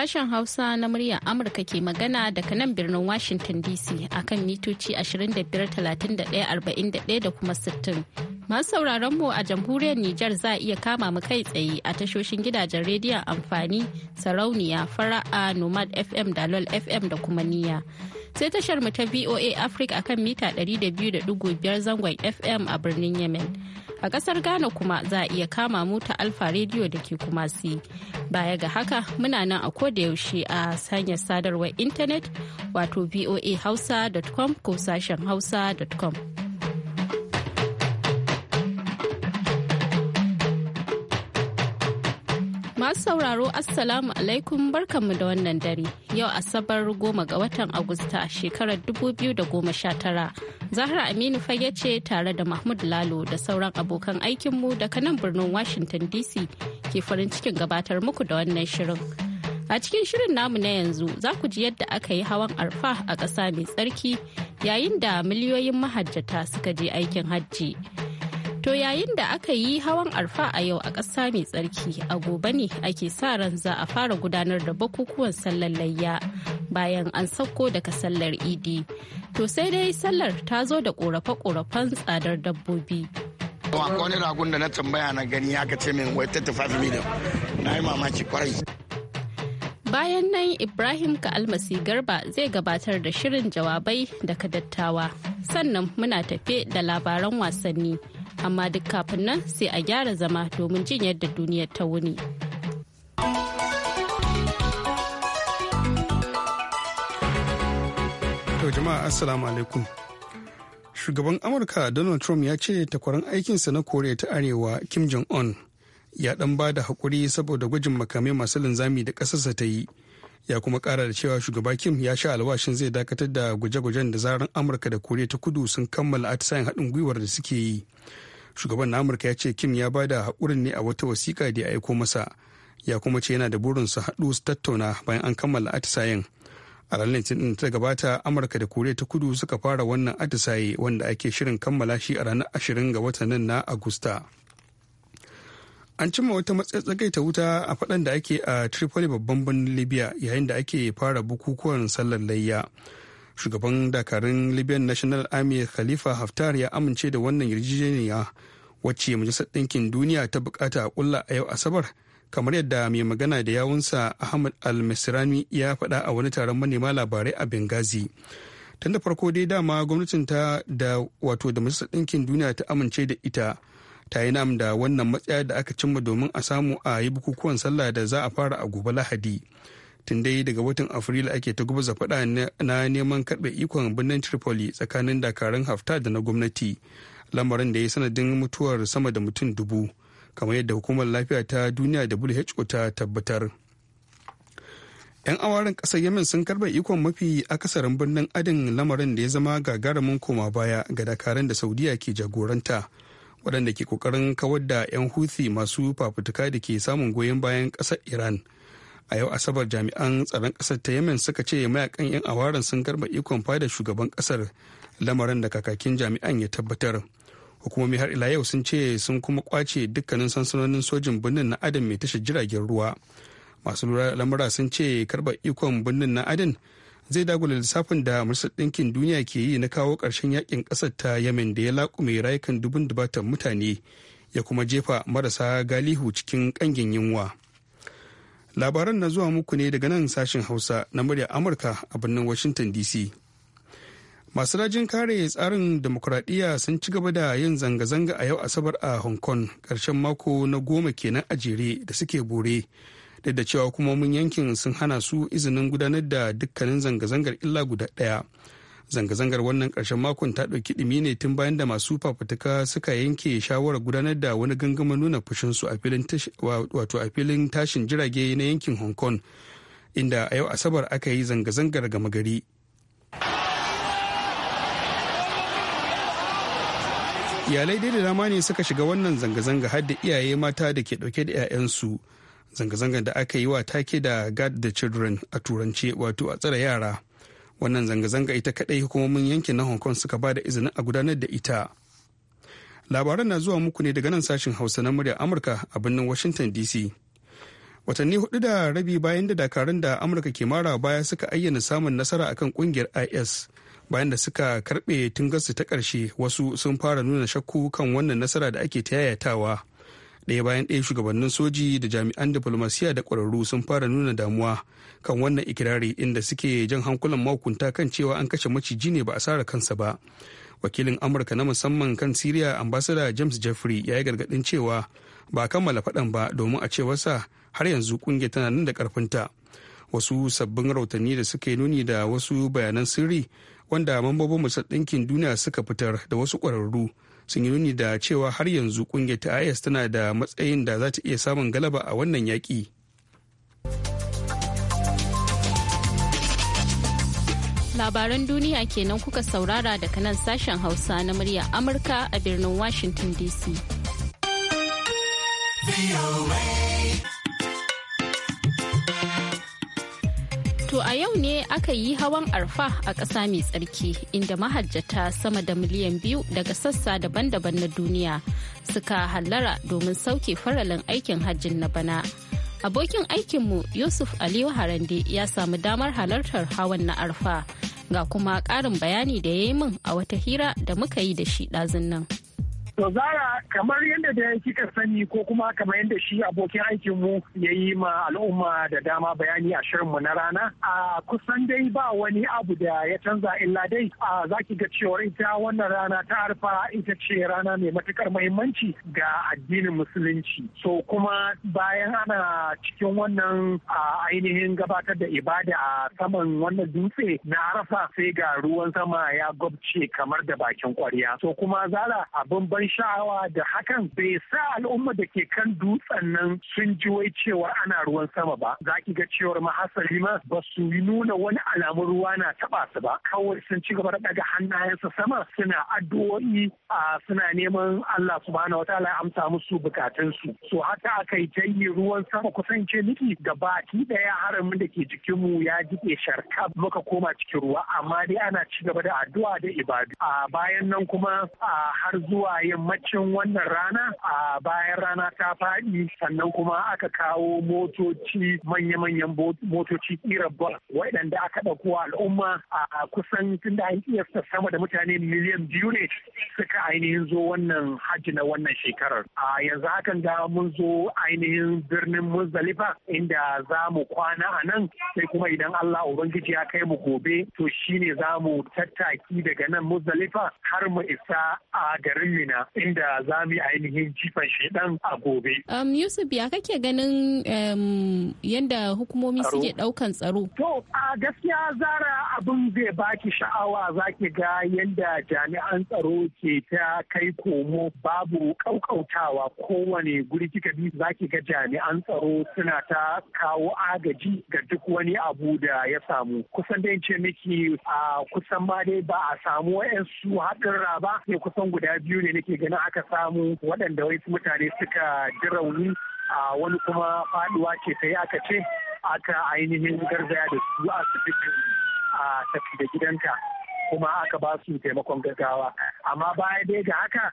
sashen Hausa na muryar Amurka ke magana daga nan birnin Washington DC akan mitoci 25,31,41 da kuma 60. Masu sauraron mu a jamhuriyar Nijar za a iya kama mu kai tsaye a tashoshin gidajen rediyon amfani sarauniya fara'a Nomad FM da LOL FM da kuma niya. Sai tashar mu ta VOA Africa akan mita 200.5 zangon FM a birnin Yemen. A ƙasar Ghana kuma za a iya kama mu ta Alfa Radio da ke Kumasi. Baya ga haka muna nan a yaushe a hanyar sadarwar intanet wato voahausa.com ko sashen hausa.com. Masu sauraro Assalamu alaikum barkanmu da wannan dare. Yau Asabar goma ga watan Agusta shekarar 2019. Zahra Aminu fage ce tare da Mahmud Lalo da sauran abokan aikinmu daga nan birnin Washington DC ke farin cikin gabatar muku da wannan shirin. A cikin shirin namu na yanzu za ku ji yadda aka yi hawan arfa a ƙasa mai tsarki yayin da miliyoyin mahajjata suka je aikin hajji. To yayin da aka yi hawan arfa a yau a ƙasa mai tsarki a gobe ne ake sa ran za a fara gudanar da bukukuwan sallar layya bayan an sauko daga sallar idi. To sai dai sallar ta zo da ƙorafe-ƙorafen tsadar dabbobi. wani ragun da na tambaya na gani ya ce min wai miliyan na yi mamaki kwarai. Bayan nan Ibrahim ka almasi Garba zai gabatar da shirin jawabai daga dattawa. Sannan muna tafe da labaran wasanni. amma duk kafin nan sai a gyara zama domin jin yadda duniyar ta wuni. jama'a assalamu alaikum. Shugaban Amurka Donald Trump ya ce takwaran aikinsa na Koriya ta Arewa Kim Jong-un ya dan ba da haƙuri saboda gwajin makamai masu linzami da ƙasarsa ta yi. Ya kuma ƙara da cewa shugaba Kim ya sha alwashin zai dakatar da gwaje-gwajen da zarar Amurka da Koriya ta Kudu sun kammala atisayen haɗin gwiwar da suke yi. shugaban na amurka ya ce kim ya bada da haƙurin ne a wata wasiƙa da ya aiko masa ya kuma ce yana da burin su haɗu su tattauna bayan an kammala atisayen a ranar litinin ta gabata amurka da koriya ta kudu suka fara wannan atisaye wanda ake shirin kammala shi a ranar ashirin ga watan nan na agusta an cimma wata matsatsagaita ta wuta a faɗan da ake a tripoli babban birnin libya yayin da ake fara bukukuwan sallar layya shugaban dakarun libyan national army khalifa haftar ya amince da wannan yarjejeniya wacce majalisar ɗinkin duniya ta bukata a kulla a yau asabar kamar yadda mai magana da yawunsa ahmad al-misrani ya faɗa a wani taron manema labarai a benghazi tun da farko dai dama gwamnatin ta da wato da majalisar ɗinkin duniya ta amince da ita ta yi nam da wannan matsaya da aka cimma domin a samu a yi bukukuwan sallah da za a fara a gobe lahadi tun dai daga watan afrilu ake ta gubza faɗa na neman karɓe ikon birnin tripoli tsakanin dakarun hafta da na gwamnati lamarin da ya sanadin mutuwar sama da mutum dubu kamar yadda hukumar lafiya ta duniya da who ta tabbatar yan awarin ƙasar yemen sun karɓe ikon mafi akasarin birnin adin lamarin da ya zama gagarumin koma baya ga dakarun da saudiya ke jagoranta waɗanda ke ƙoƙarin kawar da 'yan huthi masu fafutuka da ke samun goyon bayan ƙasar iran a yau asabar jami'an tsaron kasar ta yemen suka ce mayakan 'yan awaran sun karba ikon fada shugaban kasar lamarin da kakakin jami'an ya tabbatar hukumomi har ila yau sun ce sun kuma kwace dukkanin sansanonin sojin birnin na adin mai tashar jiragen ruwa masu lura lamura sun ce karba ikon birnin na adin zai dagula lissafin da majalisar ɗinkin duniya ke yi na kawo karshen yakin ƙasar ta yemen da ya lakume rayukan dubun dubatan mutane ya kuma jefa marasa galihu cikin ƙangin yunwa. labaran na zuwa muku ne daga nan sashen hausa na murya amurka a birnin washington dc masu rajin kare tsarin demokuraɗiyya sun ci gaba da yin zanga-zanga a yau asabar a hong kong ƙarshen mako na goma kenan a jere da suke bore duk da cewa kuma mun yankin sun hana su izinin gudanar da dukkanin zanga-zangar illa guda ɗaya zanga-zangar wannan ƙarshen makon ta ɗauki ɗumi ne tun bayan da masu fafutuka suka yanke shawarar gudanar da wani gangamin nuna fushinsu a filin tashin jirage na yankin hong kong inda a yau asabar aka yi zanga-zangar gama gari iyalai dai da dama ne suka shiga wannan zanga-zanga har da iyaye mata da ke dauke da 'ya'yansu zanga-zangar da aka yi wa take da guard the children a turance wato a tsare yara wannan zanga-zanga ita kadai hukumomin yankin na hong kong suka ba da izinin a gudanar da ita labaran na zuwa muku ne daga nan sashen hausa na muryar amurka a birnin washington dc watanni hudu da rabi bayan da dakarun da amurka ke mara baya suka ayyana samun nasara akan kungiyar is bayan da suka karbe tungarsu ta karshe wasu sun fara nuna shakku kan wannan nasara da ake ta yayatawa ɗaya bayan ɗaya shugabannin soji da jami'an diflomasiya da ƙwararru sun fara nuna damuwa kan wannan ikirari inda suke jan hankulan mahukunta kan cewa an kashe maciji ne ba a sara kansa ba wakilin amurka na musamman kan siriya ambasada james jeffrey ya yi gargaɗin cewa ba a kammala faɗan ba domin a cewarsa har yanzu ƙungiyar tana nan da ƙarfinta wasu sabbin rahotanni da suke nuni da wasu bayanan sirri wanda mambobin majalisar ɗinkin duniya suka fitar da wasu ƙwararru sun yi nuni da cewa har yanzu kungiyar ta is tana da matsayin da za ta iya samun galaba a wannan yaƙi. labaran duniya kenan kuka saurara daga nan sashen hausa na murya amurka a birnin washington dc. To a yau ne aka yi hawan arfa a ƙasa mai tsarki inda mahajjata sama da miliyan biyu daga sassa daban-daban na duniya suka hallara domin sauke faralin aikin hajjin na bana. Abokin aikinmu Yusuf Aliyu Harande ya samu damar halartar hawan na arfa ga kuma ƙarin bayani da ya yi min a wata hira da muka yi da shi ɗazun nan. To zara kamar yadda da kika sani ko kuma kamar yadda shi abokin aikinmu ya yi ma al'umma da dama bayani a shirinmu na rana a kusan dai ba wani abu da ya canza illa dai a zaki ga cewar ita wannan rana ta arfa ita ce rana mai matukar muhimmanci ga addinin musulunci. So kuma bayan ana cikin wannan ainihin gabatar da ibada a saman wannan dutse na arfa sai ga ruwan sama ya gwabce kamar da bakin kwarya. So kuma zara abin ban sha'awa da hakan bai sa al'umma da ke kan dutsen nan sun ji wai cewa ana ruwan sama ba za ki ga cewar mahasali ma ba su yi nuna wani alamun ruwa na taba su ba kawai sun ci gaba da daga hannayensa sama suna addu'o'i a suna neman Allah subhanahu wataala ya amsa musu bukatunsu so haka aka yi janye ruwan sama kusan ce miki da baki daya haramin da ke jikinmu ya jike sharka muka koma cikin ruwa amma dai ana ci gaba da addu'a da ibadu a bayan nan kuma har zuwa yin. yammacin wannan rana a bayan rana ta faɗi sannan kuma aka kawo motoci manya-manyan motoci kira bus waɗanda aka ɗauko al'umma a kusan tun da an kiyasta sama da mutane miliyan biyu ne suka ainihin zo wannan hajji na wannan shekarar a yanzu hakan ga mun zo ainihin birnin Muzalifa, inda za mu kwana a nan sai kuma idan allah ubangiji ya kai mu gobe to shine za mu tattaki daga nan Muzalifa? har mu isa a garin mina inda za mu yi ainihin jifan shaidan a gobe. Um, Yusuf ya kake ganin um, yadda hukumomi suke daukan tsaro? To a gaskiya zara abin zai baki sha'awa za ki ga yadda jami'an tsaro ke ta kai komo babu kaukautawa kowane guri kika bi za ga jami'an tsaro suna ta kawo agaji ga duk wani abu da ya samu. Kusan dai ce miki a kusan ma dai ba a samu wa'yansu haɗin ba ne kusan guda biyu ne nake ake aka samu waɗanda wasu mutane suka ji rauni a wani kuma faduwa ce ta yi aka ce aka ainihin garzaya da su a asibitin a tafi da gidanka kuma aka ba su taimakon gaggawa amma baya dai ga haka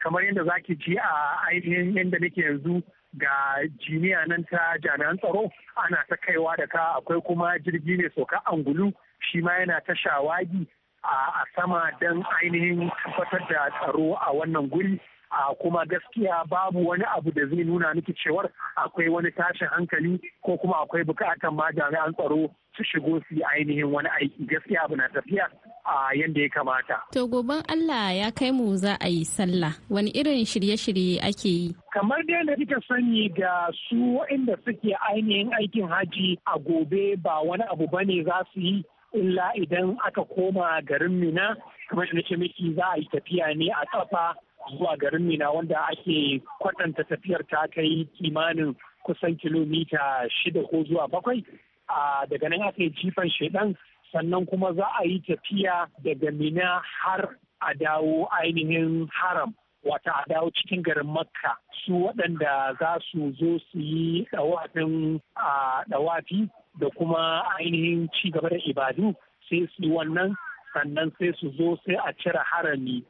kamar yadda zaki ji a ainihin inda nake yanzu ga jiniya nan ta jami'an tsaro ana ta kaiwa da ka akwai kuma jirgi mai soka angulu shi ma yana ta shawagi a sama don ainihin tabbatar da tsaro a wannan guri a kuma gaskiya babu wani abu da zai nuna miki cewar akwai wani tashin hankali ko kuma akwai bukatan ma an tsaro su shigo su yi ainihin wani aiki gaskiya abu na tafiya a yadda ya kamata. To goben Allah ya kai mu za a yi sallah wani irin shirye-shirye ake yi. Kamar dai da kika sani da su waɗanda suke ainihin aikin haji a gobe ba wani abu bane za su yi illa idan aka koma garin mina kamar da nake miki za a yi tafiya ne a kafa zuwa garin mina wanda ake kwatanta tafiyar ta kai kimanin kusan kilomita shida ko zuwa bakwai daga nan aka yi jifan shedan sannan kuma za a yi tafiya daga mina har a dawo ainihin haram wata a dawo cikin garin makka su waɗanda za su zo su yi ɗawafin ɗawafi da kuma ainihin ci gaba da ibadu sai su wannan sannan sai su zo sai a cire harami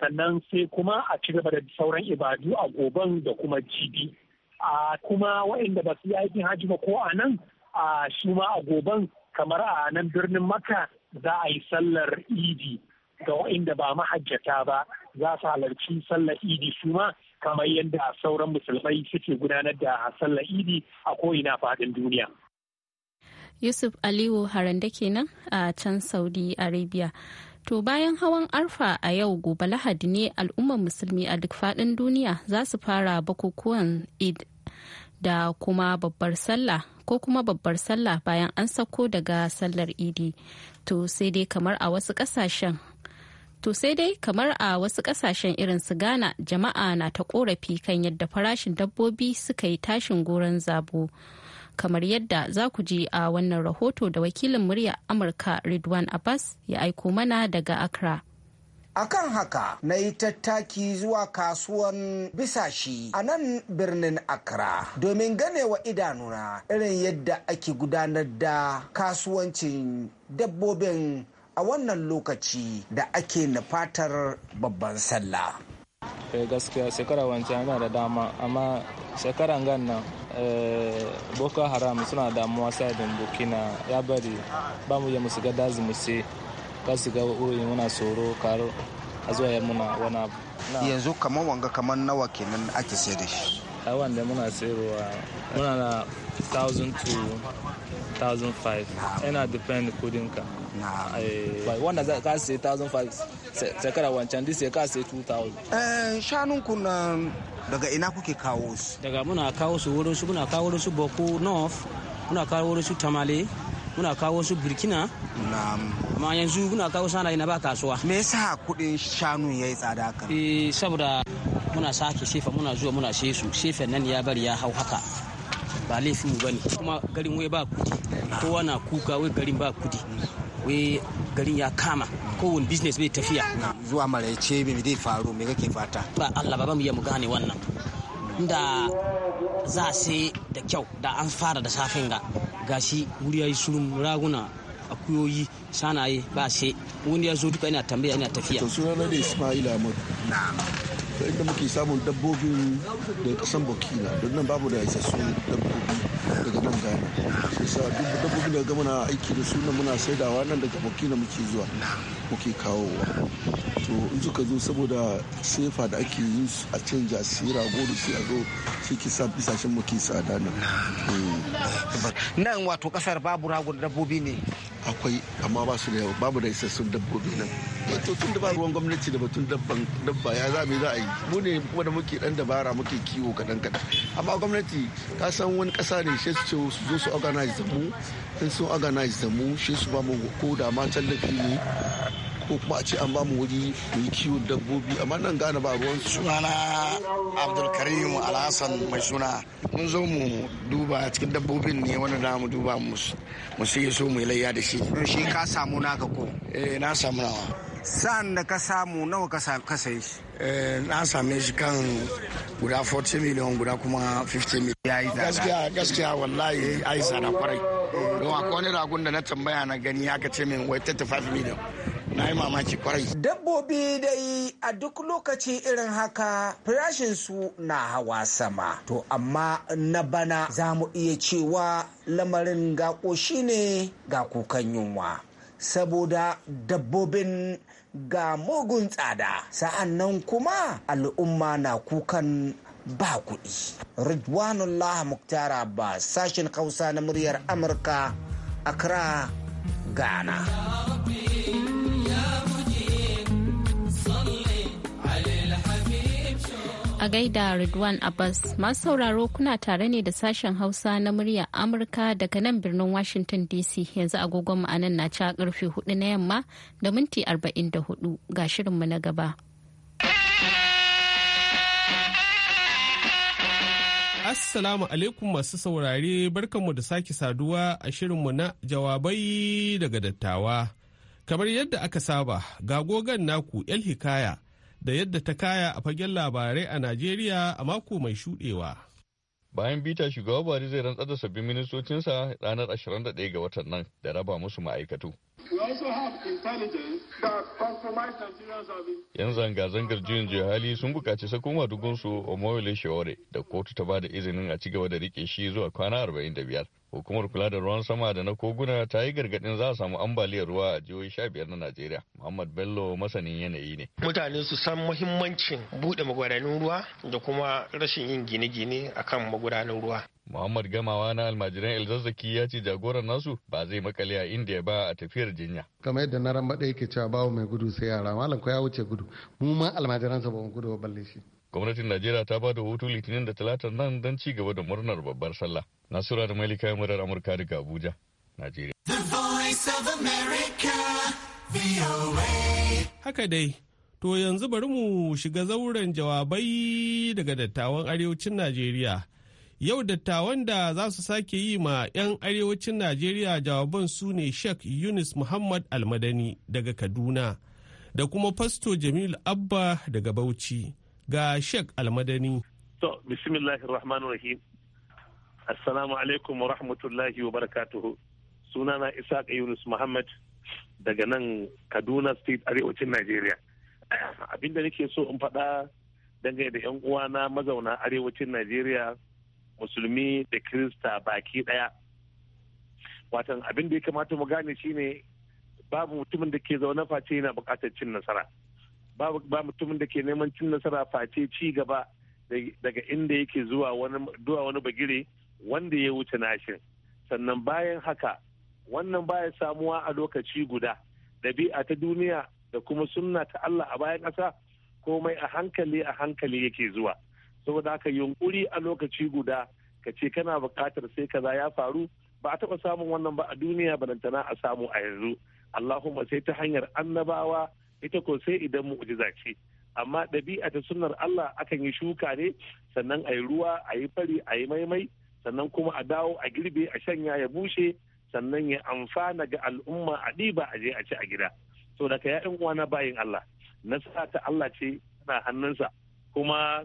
sannan sai kuma a ci gaba da sauran ibadu a goban da kuma jibi a kuma waɗanda ba su yi aikin haji ba ko a nan a shi ma a goban kamar a nan birnin maka za a yi sallar idi ga waɗanda ba mahajjata ba za su halarci sallar idi su ma kamar yadda sauran musulmai suke gudanar da sallar idi a ko'ina faɗin duniya. yusuf aliyu haranda kenan a can saudi arabia To bayan hawan arfa a yau gobe lahadi ne al'ummar musulmi a duk faɗin duniya za su fara bukukuwan eid da kuma babbar sallah ko kuma babbar sallah bayan an sako daga sallar idi to sai dai kamar a wasu ƙasashen to sai dai kamar a wasu ƙasashen irin su ghana jama'a na ta korafi kan yadda farashin dabbobi suka yi tashin goron zabo. kamar yadda za ku ji a wannan rahoto da wakilin murya Amurka Ridwan Abbas ya aiko mana daga Accra. akan haka na yi tattaki zuwa kasuwan bisashi a nan birnin accra domin ganewa idanuna irin yadda ake gudanar da kasuwancin dabbobin a wannan lokaci da ake nufatar babban sallah eh gaskiya shekara wancan yana da dama amma shekaran gan nan eh, boko haram suna damuwa sadin burkina ya bari ba mu yi musu ga dazi mu ka su ga wuri muna tsoro karo a zuwa muna wani abu yanzu kamar wanga kamar nawa kenan ake sai da shi a wanda muna sayarwa muna na 1000 to 1005 yana depend kudin ka kudinka eh. wanda ka sai 1005 shekara wancan disa ka sai 2000 eh, shanun ku na daga ina kuke kawo su daga muna kawo su wurin su muna kawo su boko north muna kawo wurin su tamale muna kawo su burkina amma yanzu muna kawo sana ina ba kasuwa me yasa kudin shanu yayi tsada kan eh saboda muna sake sefa muna zuwa muna sai su sefen nan ya bari ya hau haka ba laifin mu bane kuma garin wai ba kudi kowa na kuka wai garin ba kudi wai garin ya kama kowane business bai tafiya zuwa maraice mai zai faru mai kake fata ba Allah ba mu ya mu gane wannan da za sai da kyau da an fara da safin ga gashi wuri yi surun raguna akuyoyi sanaye ba sai wani ya zo duka ina tambaya ina tafiya to sunana ne Ismail Ahmad na'am da inda muke samun dabbobin da kasan burkina don nan babu da isassu dabbobi daga nan gani sai sa duk dabbobin da gama na aiki da su nan muna saidawa nan daga burkina muke zuwa muke kawowa so in suka zo saboda sefa da ake yi a canja sira goro sai a zo shi sa bisashen muke ke tsada nan nan wato kasar babu ragun dabbobi ne akwai amma ba su da yawa babu da isassun dabbobi nan eh, to tun da ba ruwan gwamnati da batun dabba ya za mu za a yi mu ne kuma da muke dan dabara muke kiwo kadan kadan amma gwamnati ta san wani kasa ne shi su ce su zo su organize da mu in sun organize da mu shi su ba mu ko da ma tallafi ne ko kuma a ce an bamu wuri mu yi kiwon dabbobi amma nan gane ba ruwan sunana abdulkarim alhassan mai suna mun zo mu duba cikin dabbobin ne wani da mu duba mu sai so mu yi layya da shi shi ka samu naka ko eh na samu nawa sa'an da ka samu nawa ka ka sai shi eh, na same shi kan guda 40 miliyan guda kuma 50 miliyan gaskiya gaskiya wallahi ai tsada kwarai eh, don akwai wani ragun da na tambaya na gani aka ce min wai 35 miliyan na yi mamaki kwarai. Dabbobi dai a duk lokaci irin haka su na hawa sama. To amma na bana za mu iya cewa lamarin ga ƙoshi ne ga kukan yunwa. Saboda dabbobin ga mugun tsada sa'an nan kuma al'umma na kukan ba kuɗi. Ridwanullah muktara ba sashen Hausa na muryar Amurka, Ghana. Ghana. a gaida Ridwan Abbas. Masu sauraro kuna tare ne da sashen Hausa na murya Amurka daga nan birnin Washington DC yanzu agogon anan na ca karfe 4 na yamma da minti 44 ga shirinmu na gaba. Assalamu alaikum masu saurare barkanmu da sake saduwa a shirinmu na jawabai daga dattawa. Kamar yadda aka saba, ga gogan naku 'yan Hikaya. da yadda ta kaya a fagen labarai a Najeriya a mako mai shuɗewa. Bayan bita shugaba Buhari zai rantsar da sabbin ministocinsa ranar 21 ga watan nan da raba musu ma'aikatu. Yan zanga-zangar juyin hali sun bukaci sako a Omoyole Shawore da kotu ta bada izinin a cigaba da rike shi zuwa kwana 45. Hukumar kula da ruwan sama da na koguna ta yi gargadin za a samu ambaliyar ruwa a jihohi sha biyar na Najeriya. Muhammad Bello masanin yanayi ne. Mutane su san muhimmancin buɗe magudanan ruwa da kuma rashin yin gine-gine akan magudanan ruwa. Muhammad Gamawa na almajiran Elzazzaki ya ce jagoran nasu ba zai makale a India ba a tafiyar jinya. Kamar yadda na rambaɗa yake cewa bawo mai gudu sai yara malam ko ya wuce gudu mu ma almajiransa ba mu gudu ba balle shi. Gwamnatin Najeriya ta ba da hutu litinin da talatar nan don ci gaba da murnar babbar sallah. Nasura da Malika ya murar Amurka daga Abuja, Najeriya. Haka dai, to yanzu bari mu shiga zauren jawabai daga dattawan arewacin Najeriya. Yau dattawan da za su sake yi ma 'yan arewacin Najeriya jawaban su ne Sheikh Yunus Muhammad Almadani daga Kaduna da kuma Fasto Jamil Abba daga Bauchi ga Sheikh Almadani. To, bismillahir rahmanir rahim. Assalamu alaikum wa rahmatullahi wa barakatuhu. Sunana Isaac Yunus Muhammad daga nan Kaduna State arewacin Najeriya. Abinda nake so in faɗa dangane da 'yan uwana mazauna arewacin Najeriya. musulmi da kirista baki ɗaya watan abin da ya kamata mu gane shine babu mutumin da ke zaune face yana buƙatar cin nasara babu ba mutumin da ke neman cin nasara face ci gaba daga inda yake zuwa wani zuwa wani bagire wanda ya wuce nashin sannan bayan haka wannan baya samuwa a lokaci guda ɗabi'a ta duniya da kuma sunna ta Allah a bayan ƙasa komai a hankali a hankali yake zuwa saboda haka yunkuri a lokaci guda ka ce kana buƙatar sai kaza ya faru ba a taɓa samun wannan ba a duniya balantana a samu a yanzu allahumma sai ta hanyar annabawa ita ko sai idan mu'jiza ce amma ɗabi'a ta sunnar Allah akan yi shuka ne sannan a yi ruwa a yi fari a yi maimai sannan kuma a dawo a girbe a shanya ya bushe sannan ya amfana ga al'umma a ɗiba a je a ci a gida so daga yayan uwa na bayin Allah sa ta Allah ce na hannunsa kuma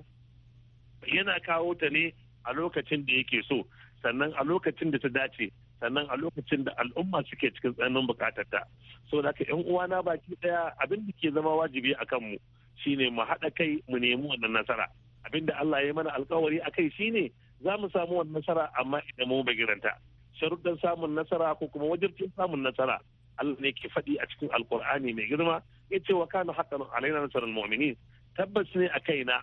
yana kawo ta ne a lokacin da yake so sannan a lokacin da ta dace sannan a lokacin da al'umma suke cikin tsananin bukatar ta so da yan uwana baki daya abin da ke zama wajibi a kanmu shine mu haɗa kai mu nemi wannan nasara abin da Allah ya mana alkawari a kai shine za mu samu wannan nasara amma idan mu giranta sharuɗan samun nasara ko kuma wajibcin samun nasara Allah ne ke faɗi a cikin alkur'ani mai girma ya ce wa kana haqqan alaina nasarar mu'minin tabbas ne a kaina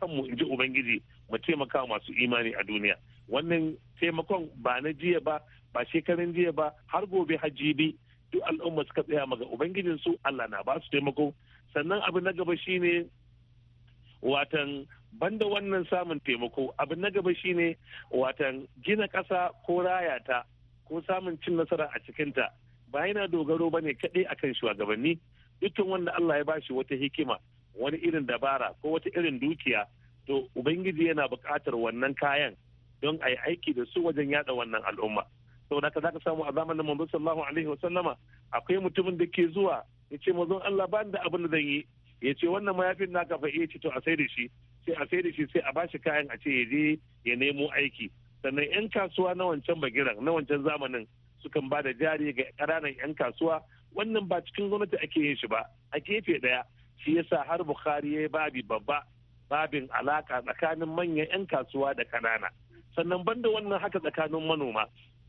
kanmu in ji ubangiji mu taimaka masu imani a duniya wannan taimakon ba na jiya ba ba shekarun jiya ba har gobe hajji bi duk al'umma suka tsaya maga ubangijin su Allah na ba su taimako sannan abu na gaba shine watan banda wannan samun taimako abu na gaba shine watan gina ƙasa ko raya ta ko samun cin nasara a cikinta ba yana dogaro ba ne kaɗai akan shugabanni dukkan wanda Allah ya bashi wata hikima wani irin dabara ko wata irin dukiya to ubangiji yana buƙatar wannan kayan don a yi aiki da su wajen yada wannan al'umma ka za ka samu a zamanin manzo sallallahu alaihi wasallama akwai mutumin da ke zuwa ya ce mazon Allah ba da abin da zan yi ya ce wannan mayafin naka fa iya eh, ce to a sai da shi sai a sai da shi sai a bashi kayan a ce ya je ya nemo aiki sannan yan kasuwa na wancan bagiran na wancan zamanin sukan ba da jari ga ƙananan yan kasuwa wannan ba cikin gwamnati ake yin shi ba a gefe ɗaya shi yasa har bukhari ya yi babi babba babin alaka tsakanin manyan 'yan kasuwa da kanana sannan banda wannan haka tsakanin manoma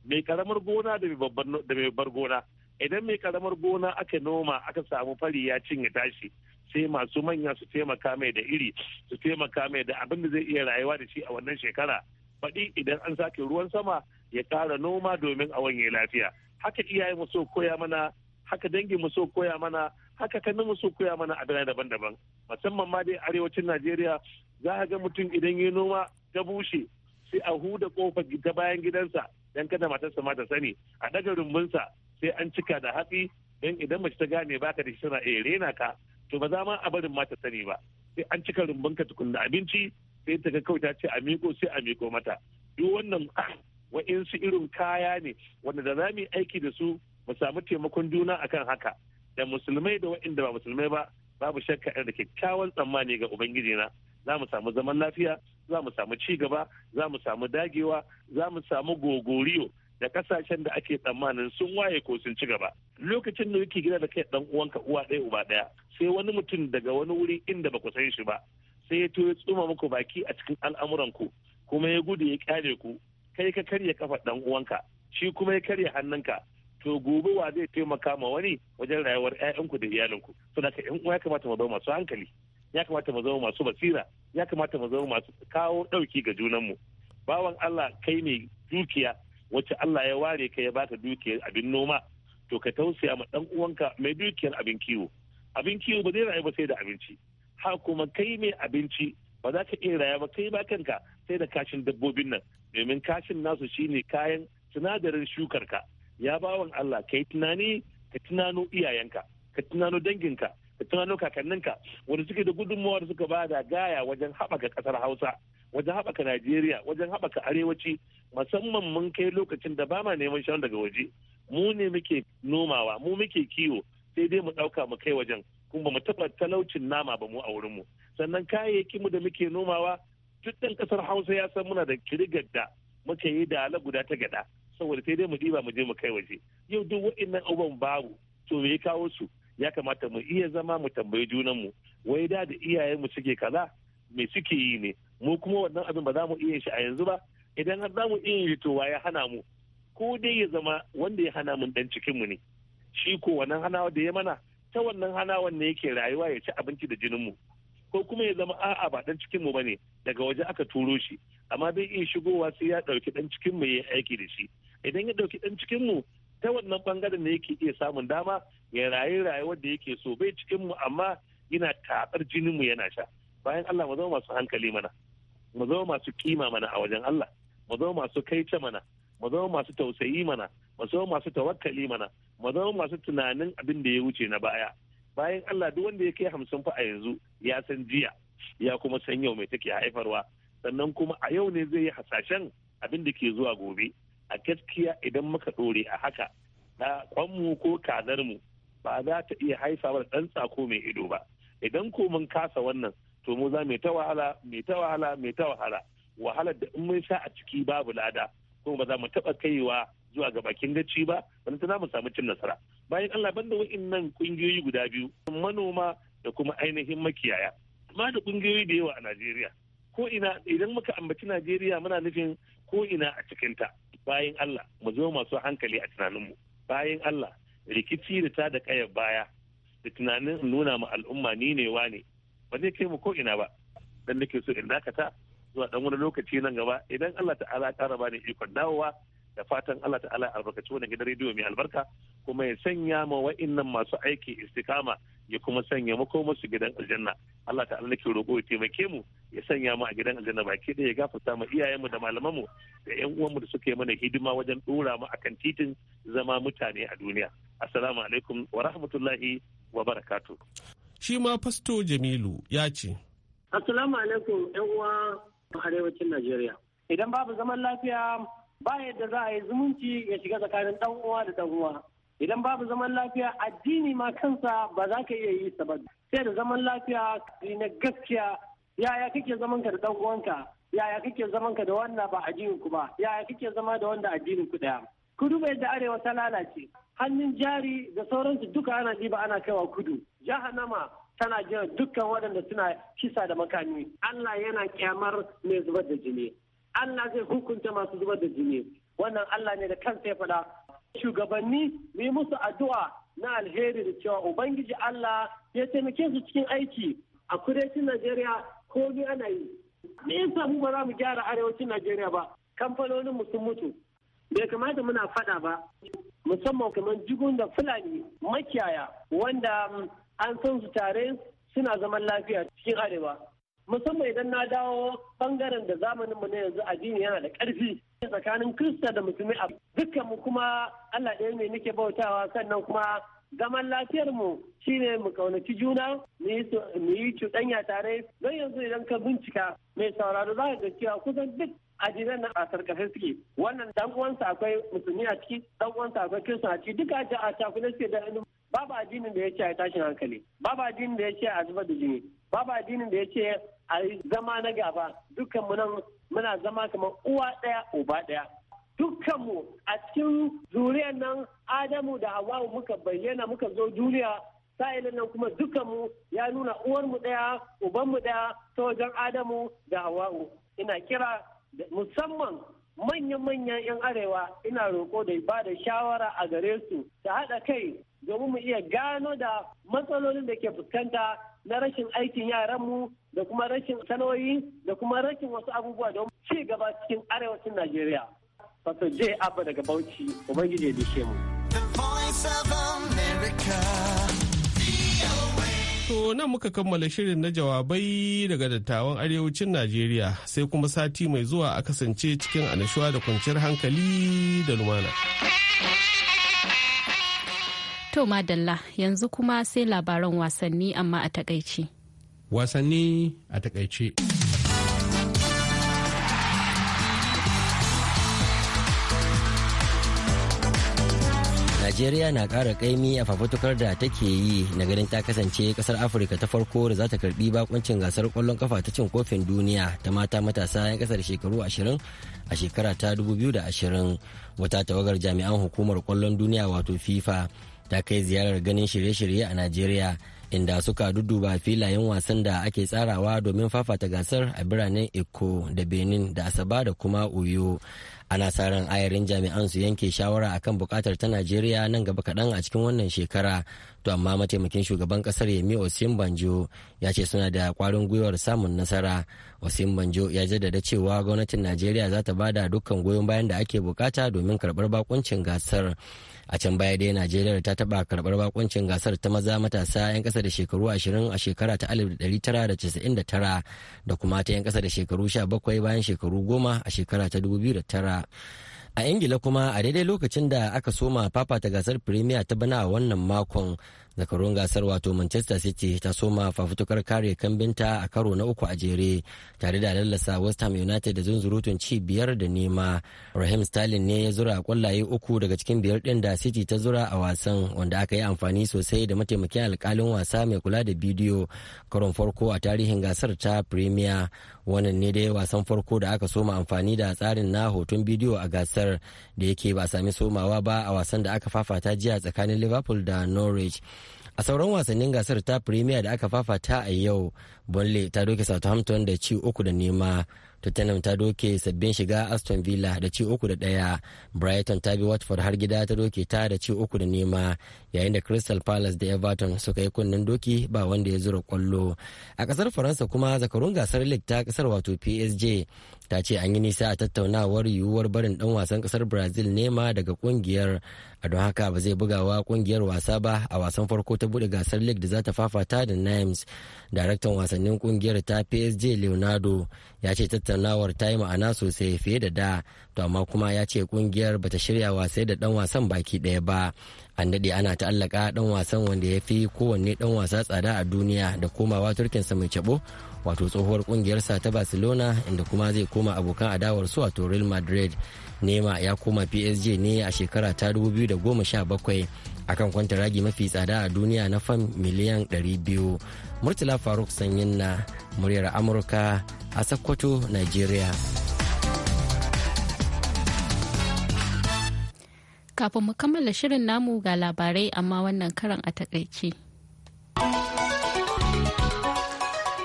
mai karamar gona da mai bar gona idan mai karamar gona aka noma aka samu fari ya cinye tashi sai masu manya su taimaka mai da iri su taimaka mai da abin da zai iya rayuwa da shi a wannan shekara faɗi idan an sake ruwan sama ya ƙara noma domin a wanye lafiya haka iyaye so koya mana haka dangi mu so koya mana haka ta nemi su koya mana a daban-daban musamman ma dai arewacin najeriya za a ga mutum idan ya noma ta bushe sai a huda kofa ta bayan gidansa dan kada matarsa ma ta sani a daga rumbunsa sai an cika da hatsi dan idan mace ta gane baka da shi eh rena ka to ba za ma a barin ma ta sani ba sai an cika rumbunka tukunna abinci sai ta ga kawai ta ce a miko sai a miko mata duk wannan wa'insu irin kaya ne wanda da za mu yi aiki da su mu samu taimakon juna akan haka da musulmai da wa'inda ba musulmai ba babu shakka da kyakkyawan tsammani ga ubangiji na za mu samu zaman lafiya za mu samu ci gaba za mu samu dagewa za mu samu gogoriyo da kasashen da ake tsammanin sun waye ko sun ci gaba lokacin da yake gida da kai dan uwanka uwa ɗaya uba ɗaya sai wani mutum daga wani wuri inda ba ku san shi ba sai ya to tsuma muku baki a cikin al'amuran ku kuma ya gudu ya kyale ku kai ka karya kafa dan uwanka shi kuma ya karya hannunka to gobe wa zai taimaka ma wani wajen rayuwar ƴaƴanku da iyalinku so da yan uwa ya kamata mu zama masu hankali ya kamata mu zama masu basira ya kamata mu zama masu kawo ɗauki ga junan mu? bawan Allah kai ne dukiya wacce Allah ya ware ka ya baka dukiyar abin noma to ka tausaya ma dan uwanka mai dukiyar abin kiwo abin kiwo ba zai rayu ba sai da abinci ha kuma kai mai abinci ba za ka iya raya ba kai ba kanka sai da kashin dabbobin nan domin kashin nasu shine kayan sinadarin shukarka ya bawan Allah ka yi tunani ka tunano iyayenka ka tunano danginka ka tunano kakanninka wanda suke da gudunmawa da suka ba da gaya wajen haɓaka ƙasar Hausa wajen haɓaka Najeriya wajen haɓaka arewaci musamman mun kai lokacin da ba ma neman shan daga waje mu ne muke nomawa mu muke kiwo sai dai mu ɗauka mu kai wajen kuma ba mu taɓa talaucin nama ba mu a mu sannan kayayyakin mu da muke nomawa duk ɗan ƙasar hausa ya san muna da kirigar da muka yi da ala guda ta gada saboda sai dai mu diba mu je mu kai waje yau duk wa'annan abubuwan babu to me ya kawo su ya kamata mu iya zama mu tambayi junan mu wai da da iyayen mu suke kaza me suke yi ne mu kuma wannan abin ba za mu iya shi a yanzu ba idan har za mu iya yi to ya hana mu ko dai ya zama wanda ya hana mun dan cikin mu ne shi ko wannan hanawa da ya mana ta wannan hanawan ne yake rayuwa ya ci abinci da jinin mu ko kuma ya zama a'a ba dan cikin mu bane daga waje aka turo shi amma bai iya shigowa sai ya ɗauki dan cikin mu yi aiki da shi idan ya ɗauki ɗan mu ta wannan bangaren ne yake iya samun dama ya rayu rayuwar da yake so bai mu amma yana jinin mu yana sha bayan Allah mu zama masu hankali mana mu zama masu kima mana a wajen Allah mu zama masu kaice mana mu zama masu tausayi mana mu zama masu tawakkali mana mu zama masu tunanin abin da ya wuce na baya bayan Allah duk wanda ya kai hamsin fa a yanzu ya san jiya ya kuma san yau mai take haifarwa sannan kuma a yau ne zai yi hasashen abin da ke zuwa gobe a gaskiya idan muka ɗore a haka na kwanmu ko kanarmu ba za ta iya haifawa da ɗan tsako mai ido ba idan ko mun kasa wannan to mu za mai ta wahala mai ta wahala mai ta wahala wahalar da in mun sha a ciki babu lada ko ba za mu taɓa kaiwa zuwa ga bakin gaci ba wani tana mu samu cin nasara bayan Allah banda wa'innan ƙungiyoyi guda biyu manoma da kuma ainihin makiyaya ma da ƙungiyoyi da yawa a Najeriya ko ina idan muka ambaci Najeriya muna nufin ko ina a cikinta bayan Allah mu zo masu hankali a tunaninmu bayan Allah rikici da ta da kayar baya da tunanin nuna ma al'umma ni ne wa ne ba zai kai mu ko ina ba dan nake so in dakata zuwa dan wani lokaci nan gaba idan Allah ta'ala ƙara raba ni ikon dawowa da fatan Allah ta'ala albarkaci wannan gidan rediyo mai albarka kuma ya sanya ma wa'annan masu aiki istikama ya kuma sanya su gidan aljanna Allah ta'ala ke roƙo ya taimake mu ya sanya mu a gidan aljanna baki ɗaya ya gafarta mu iyayenmu da mu da ƴan mu da suka mana hidima wajen ɗora mu akan titin zama mutane a duniya assalamu alaikum wa rahmatullahi wa barakatu shi ma fasto jamilu ya ce assalamu alaikum ƴan uwa arewacin najeriya idan babu zaman lafiya ba yadda za a yi zumunci ya shiga tsakanin dan uwa da ɗan uwa idan babu zaman lafiya addini ma kansa ba za ka iya yi sa ba sai da zaman lafiya na gaskiya yaya kake zaman ka da dan uwanka yaya kake zaman ka da wannan ba addinin ku ba yaya kake zama da wanda addinin ku daya ku duba yadda arewa ta lalace hannun jari da sauransu duka ana ɗiba ana kaiwa kudu jahannama tana jira dukkan waɗanda suna kisa da makami Allah yana kyamar mai zubar da jini Allah zai hukunta masu zubar da jini wannan Allah ne da kansa ya faɗa shugabanni mu yi musu addu'a na alheri da cewa ubangiji Allah ya taimake su cikin aiki a kudancin Najeriya ko ni ana yi me yasa mu ba za mu gyara arewacin Najeriya ba kamfanonin mu sun mutu bai kamata muna fada ba musamman kamar jigun da fulani makiyaya wanda mm, an san su tare suna zaman lafiya cikin arewa musamman idan na dawo bangaren da zamanin mu na yanzu addini yana da ƙarfi tsakanin Kirista da musulmi a dukkan mu kuma Allah ɗaya ne nake bautawa sannan kuma zaman lafiyar mu shine mu kaunaci juna mu yi cuɗanya tare don yanzu idan ka bincika mai sauraro za ka ga cewa kusan duk addinan na. a ƙasa suke wannan dan uwansa akwai musulmi a ciki dan uwansa akwai kirista a ciki duk a cakuɗe suke da babu addinin da ya ce a tashin hankali babu addinin da ya ce a zubar da jini babu addinin da ya ce a zama na gaba dukkan nan muna zama kamar uwa ɗaya uba ɗaya dukkanmu a cikin zuriyar nan adamu da hawawu muka bayyana muka zo duniya sa'ilin nan kuma dukkanmu ya nuna uwar mu ɗaya uban mu ɗaya ta wajen adamu da hawawu ina kira musamman manyan-manyan 'yan arewa ina roko da ba da shawara a gare su ta haɗa kai domin mu iya gano da matsalolin da ke fuskanta na rashin aikin yaranmu da kuma rashin sanoyi da kuma rashin wasu abubuwa don ci gaba cikin arewacin Najeriya. Fato J Abba daga Bauchi, Ubangiji ya mu. To nan muka kammala shirin na jawabai daga dattawan arewacin Najeriya sai kuma sati mai zuwa a kasance cikin anashuwa da kwanciyar hankali da lumana. To madalla yanzu kuma sai labaran wasanni amma a takaici. wasanni a takaice. Najeriya na ƙara kaimi a fafutukar da take yi na ganin ta kasance ƙasar Afirka ta farko da za ta karbi bakuncin gasar kwallon kafa ta cin kofin duniya ta mata matasa 'yan ƙasar shekaru 20 a shekara ta 2020 wata tawagar jami'an hukumar kwallon duniya wato FIFA ta kai ziyarar ganin shirye-shirye a Najeriya. inda suka duduba filayen wasan da ake tsarawa domin fafata gasar a biranen Eko da Benin da Asaba da kuma Uyo. ana sa ran ayarin jami'an su yanke shawara akan bukatar ta najeriya nan gaba kaɗan a cikin wannan shekara to amma mataimakin shugaban kasar yemi osim banjo ya ce suna da kwarin gwiwar samun nasara osim banjo ya jaddada cewa gwamnatin najeriya za ta bada dukkan goyon bayan da ake bukata domin karɓar bakuncin gasar a can baya dai najeriya ta taɓa karɓar bakuncin gasar ta maza matasa 'yan ƙasa da shekaru 20 a shekara ta 1999 da kuma ta 'yan ƙasa da shekaru 17 bayan shekaru 10 a shekara ta 2009 A Ingila kuma a daidai lokacin da aka soma fafata gasar Premier ta bana wannan makon zakarun gasar wato manchester city ta soma fafutukar kare kambinta a karo na uku a jere tare da lallasa west ham united da zunzurutun ci biyar da nema rahim stalin ne ya zura kwallaye uku daga cikin biyar din da city ta zura a wasan wanda aka yi amfani sosai da mataimakin alkalin wasa mai kula da bidiyo karon farko a tarihin gasar ta premier wannan ne dai wasan farko da aka soma amfani da tsarin na hoton bidiyo a gasar da yake ba sami somawa ba a wasan da aka fafata jiya tsakanin liverpool da norwich a sauran wasannin gasar ta premier da aka fafata a yau bolle ta doke Southampton da ci uku da nema. Tottenham ta doke sabbin shiga Aston Villa da ci uku da ɗaya. Brighton ta bi Watford har gida ta doke ta da ci uku da nema yayin da Crystal Palace da Everton suka yi kunnen doki ba wanda ya zura kwallo. A kasar Faransa kuma zakarun gasar League ta kasar wato PSG ta ce an yi nisa a tattaunawar yiwuwar barin dan wasan kasar Brazil nema daga kungiyar a don haka ba zai bugawa kungiyar wasa ba a wasan farko ta bude gasar League da za ta fafata da Nimes. Daraktan wasan wasannin kungiyar ta PSG Leonardo ya ce tattaunawar ta yi ma'ana sosai fiye da da to amma kuma ya ce kungiyar bata shirya wasai da dan wasan baki ɗaya ba an daɗe ana ta'allaka dan wasan wanda ya fi kowanne dan wasa tsada a duniya da komawa turkinsa mai cabo wato tsohuwar kungiyarsa ta barcelona inda kuma zai koma abokan adawar su wato real madrid nema ya koma psg ne a shekara ta 2017 akan kwanta ragi mafi tsada a duniya na fam miliyan 200 murtala faruk sanyin na muryar amurka a sokoto nigeria kafin mu kammala shirin namu ga labarai amma wannan karan a takaice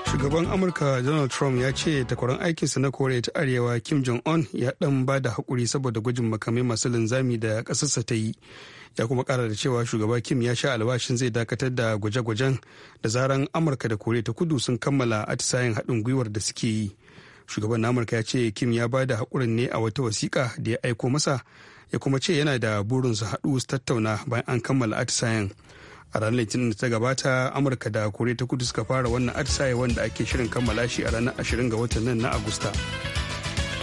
shugaban amurka donald trump ya ce takwaran aikinsa na koriya ta arewa kim jong-un ya dan ba da haƙuri saboda gwajin makamai masu linzami da ƙasarsa ta yi ya kuma kara da cewa shugaba kim ya sha albashin zai dakatar da gwaje-gwajen da zaran amurka da koriya ta kudu sun kammala atisayen haɗin gwiwar da suke yi shugaban na amurka ya ce kim ya ba da haƙurin ne a wata wasiƙa da ya aiko masa ya kuma ce yana da burin su haɗu su tattauna bayan an kammala atisayen a ranar litinin da ta gabata amurka da koriya ta kudu suka fara wannan atisaye wanda ake shirin kammala shi a ranar 20 ga watan nan na agusta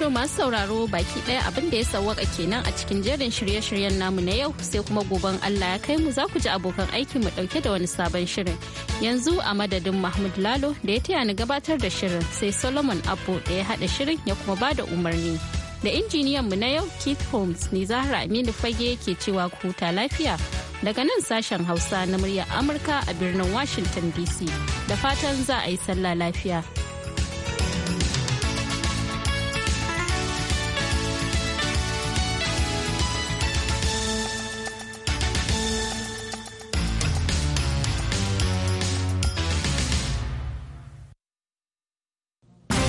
To masu sauraro baki ɗaya abin da ya sawwaka kenan a cikin jerin shirye-shiryen namu na yau sai kuma goben Allah ya kai mu za ku ji abokan aiki mu ɗauke da wani sabon shirin. Yanzu a madadin Mahmud Lalo da ya taya ni gabatar da shirin sai Solomon Abbo da ya haɗa shirin ya kuma ba da umarni. Da injiniyan mu na yau Keith Holmes ni Zahra Aminu Fage yake cewa ku huta lafiya daga nan sashen Hausa na muryar Amurka a birnin Washington DC. Da fatan za a yi sallah lafiya.